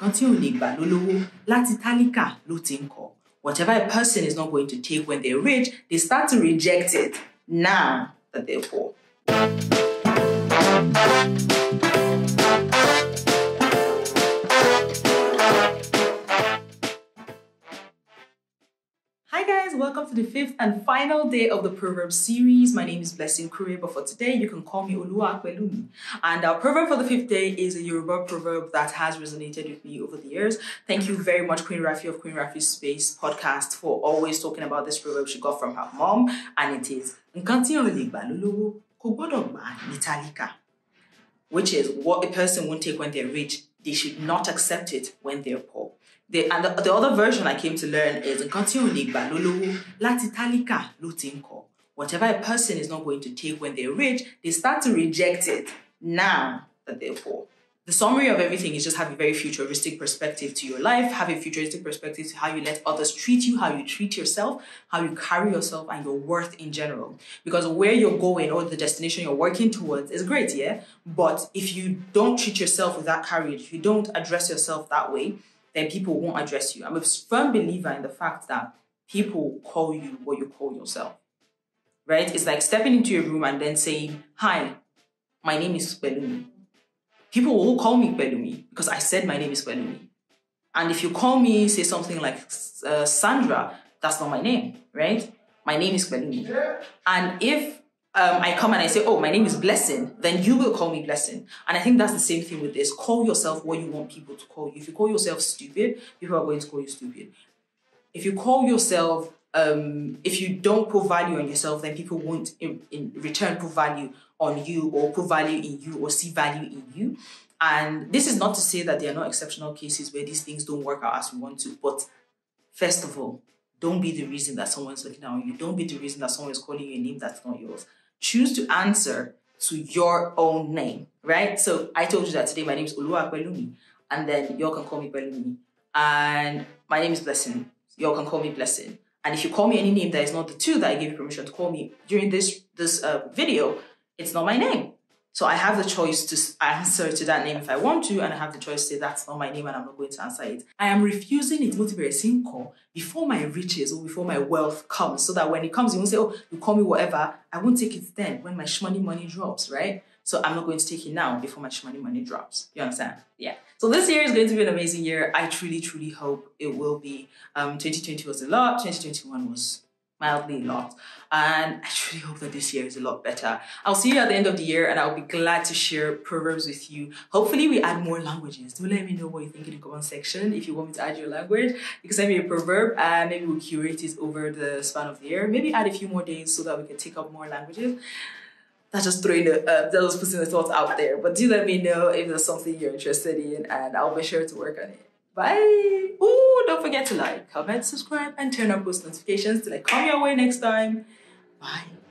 kan tí ò lè gbà lólówó láti tálíkà ló ti ń kọ́ whatever a person is not going to take when they're rich they start to reject it now that they're poor. welcome to the fifth and final day of the proverb series. My name is Blessing Kure, but for today you can call me Olua Akwelumi. And our proverb for the fifth day is a Yoruba proverb that has resonated with me over the years. Thank you very much, Queen Rafi of Queen Rafi's Space podcast, for always talking about this proverb she got from her mom, and it is which is what a person won't take when they're rich they should not accept it when they're poor. The and the, the, other version I came to learn is nǹkan ní gbà Whatever a person is not going to take when they're rich, they start to reject it now that they're poor the summary of everything is just have a very futuristic perspective to your life, have a futuristic perspective to how you let others treat you, how you treat yourself, how you carry yourself, and your worth in general. Because where you're going or the destination you're working towards is great, yeah? But if you don't treat yourself with that courage, if you don't address yourself that way, then people won't address you. I'm a firm believer in the fact that people call you what you call yourself, right? It's like stepping into your room and then saying, Hi, my name is Belumi people who call me Pelumi because I said my name is Pelumi. And if you call me, say something like uh, Sandra, that's not my name, right? My name is Pelumi. And if um, I come and I say, oh, my name is Blessing, then you will call me Blessing. And I think that's the same thing with this. Call yourself what you want people to call you. If you call yourself stupid, people are going to call you stupid. If you call yourself um, if you don't put value on yourself, then people won't in, in return put value on you or put value in you or see value in you. And this is not to say that there are not exceptional cases where these things don't work out as we want to, but first of all, don't be the reason that someone's looking down on you. Don't be the reason that someone is calling you a name that's not yours. Choose to answer to your own name, right? So I told you that today my name is Ulua Pelumi, and then y'all can call me Pelumi. And my name is Blessing. Y'all can call me Blessing. And if you call me any name that is not the two that I gave you permission to call me during this this uh, video, it's not my name. So I have the choice to answer to that name if I want to, and I have the choice to say that's not my name and I'm not going to answer it. I am refusing it multiple before my riches or before my wealth comes, so that when it comes, you won't say, Oh, you call me whatever. I won't take it then when my shmoney money drops, right? So I'm not going to take it now before my shmoney money drops. You understand? Yeah. So this year is going to be an amazing year. I truly, truly hope it will be. Um, 2020 was a lot, 2021 was mildly not. And I truly hope that this year is a lot better. I'll see you at the end of the year and I'll be glad to share proverbs with you. Hopefully we add more languages. Do let me know what you think in the comment section. If you want me to add your language, you can send me a proverb and maybe we'll curate it over the span of the year. Maybe add a few more days so that we can take up more languages. That's just throwing the, uh, that was putting the thoughts out there. But do let me know if there's something you're interested in and I'll be sure to work on it. Bye. Ooh, don't forget to like, comment, subscribe, and turn on post notifications till I come your way next time. Bye.